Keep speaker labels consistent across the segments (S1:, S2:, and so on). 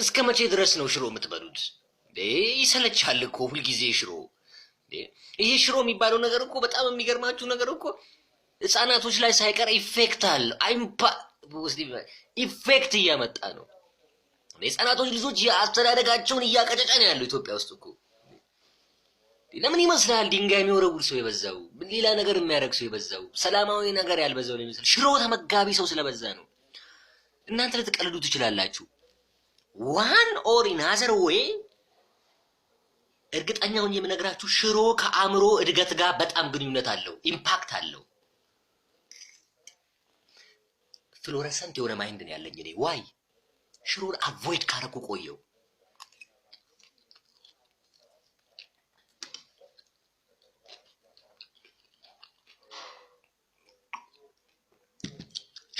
S1: እስከ መቼ ድረስ ነው ሽሮ የምትበሉት? ይሰለቻል እኮ ሁልጊዜ ሽሮ። ይሄ ሽሮ የሚባለው ነገር እኮ በጣም የሚገርማችሁ ነገር እኮ ህጻናቶች ላይ ሳይቀር ኢፌክት አለ አይምፓ ኢፌክት እያመጣ ነው። የህጻናቶች ልጆች የአስተዳደጋቸውን እያቀጨጨ ነው ያለው ኢትዮጵያ ውስጥ እኮ። ለምን ይመስላል ድንጋይ የሚወረውር ሰው የበዛው፣ ሌላ ነገር የሚያደርግ ሰው የበዛው፣ ሰላማዊ ነገር ያልበዛው ነው ይመስል ሽሮ ተመጋቢ ሰው ስለበዛ ነው። እናንተ ልትቀልዱ ትችላላችሁ። ዋን ኦር ኢናዘር ዌይ እርግጠኛውን የምነግራችሁ ሽሮ ከአእምሮ እድገት ጋር በጣም ግንኙነት አለው፣ ኢምፓክት አለው። ፍሎረሰንት የሆነ ማይንድ ነው ያለኝ እኔ። ዋይ ሽሮን አቮይድ ካረኩ ቆየው።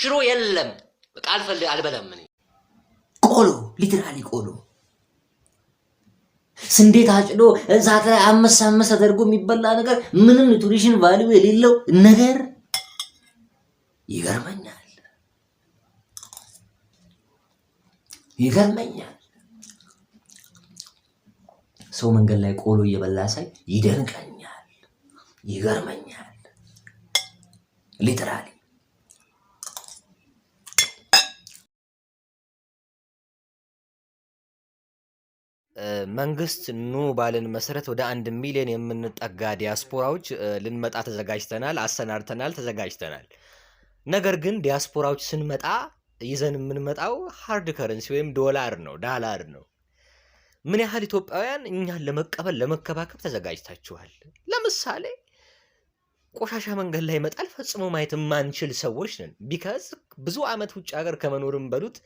S1: ሽሮ የለም በቃ አልፈልግ አልበላም እኔ።
S2: ሊትራሊ ቆሎ ስንዴ ታጭዶ እሳት ላይ አመስ አመስ ተደርጎ የሚበላ ነገር ምንም ኒውትሪሽን ቫሊዩ የሌለው ነገር ይገርመኛል ይገርመኛል። ሰው መንገድ ላይ ቆሎ እየበላ ሳይ ይደንቀኛል፣ ይገርመኛል ሊትራሊ
S3: መንግስት ኑ ባልን መሰረት ወደ አንድ ሚሊዮን የምንጠጋ ዲያስፖራዎች ልንመጣ ተዘጋጅተናል፣ አሰናድተናል፣ ተዘጋጅተናል። ነገር ግን ዲያስፖራዎች ስንመጣ ይዘን የምንመጣው ሀርድ ከረንሲ ወይም ዶላር ነው፣ ዳላር ነው። ምን ያህል ኢትዮጵያውያን እኛን ለመቀበል ለመከባከብ ተዘጋጅታችኋል? ለምሳሌ ቆሻሻ መንገድ ላይ መጣል ፈጽሞ ማየት የማንችል ሰዎች ነን። ቢካዝ ብዙ ዓመት ውጭ ሀገር ከመኖርም በሉት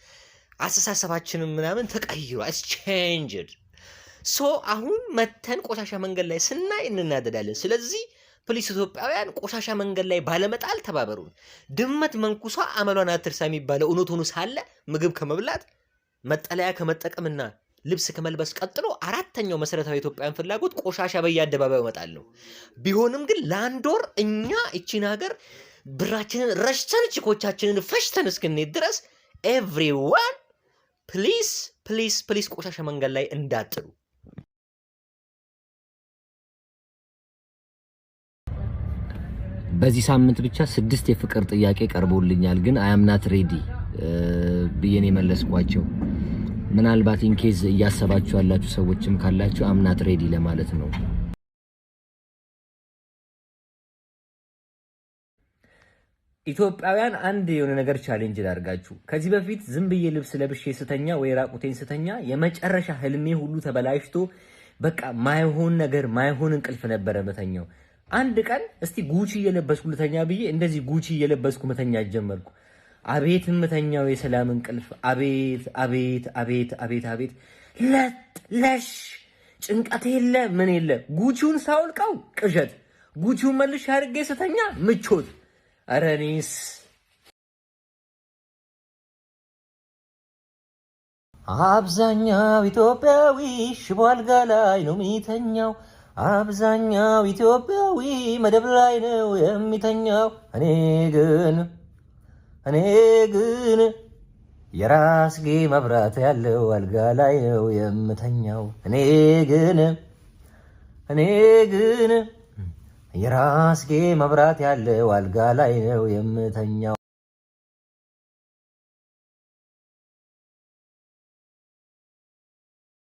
S3: አስተሳሰባችንም ምናምን ተቀይሩ ቼንጅድ ሶ አሁን መተን ቆሻሻ መንገድ ላይ ስናይ እንናደዳለን። ስለዚህ ፕሊስ ኢትዮጵያውያን ቆሻሻ መንገድ ላይ ባለመጣል ተባበሩን። ድመት መንኩሷ አመሏን አትርሳ የሚባለው እውነት ሆኖ ሳለ ምግብ ከመብላት መጠለያ ከመጠቀምና ልብስ ከመልበስ ቀጥሎ አራተኛው መሰረታዊ ኢትዮጵያውያን ፍላጎት ቆሻሻ በየአደባባዩ መጣል ነው። ቢሆንም ግን ለአንድ ወር እኛ እቺን ሀገር ብራችንን ረሽተን ችኮቻችንን ፈሽተን እስክንሄድ ድረስ ኤቭሪዋን ፕሊስ ፕሊስ ፕሊስ ቆሻሻ መንገድ ላይ እንዳጥሩ።
S4: በዚህ ሳምንት ብቻ ስድስት የፍቅር ጥያቄ ቀርቦልኛል፣ ግን አያምናት ሬዲ ብዬን የመለስኳቸው። ምናልባት ኢንኬዝ እያሰባችሁ ያላችሁ ሰዎችም ካላችሁ አምናት ሬዲ ለማለት ነው።
S5: ኢትዮጵያውያን አንድ የሆነ ነገር ቻሌንጅ ላድርጋችሁ። ከዚህ በፊት ዝም ብዬ ልብስ ለብሼ ስተኛ ወይ ራቁቴን ስተኛ የመጨረሻ ህልሜ ሁሉ ተበላሽቶ በቃ ማይሆን ነገር ማይሆን እንቅልፍ ነበረ መተኛው። አንድ ቀን እስቲ ጉቺ እየለበስኩ ልተኛ ብዬ እንደዚህ ጉቺ እየለበስኩ መተኛ ጀመርኩ። አቤት ምተኛው የሰላም እንቅልፍ! አቤት አቤት አቤት አቤት አቤት! ለጥ ለሽ ጭንቀት የለ ምን የለ። ጉቺውን ሳውልቀው ቅዠት፣ ጉቺውን መልሼ አድርጌ ስተኛ ምቾት ኧረ እኔስ
S6: አብዛኛው ኢትዮጵያዊ ሽቦ አልጋ ላይ ነው የሚተኛው። አብዛኛው ኢትዮጵያዊ መደብ ላይ ነው የሚተኛው። እኔ ግን እኔ ግን የራስጌ መብራት ያለው አልጋ ላይ ነው የምተኛው። እኔ ግን እኔ ግን የራስጌ መብራት ያለው አልጋ ላይ ነው የምተኛው።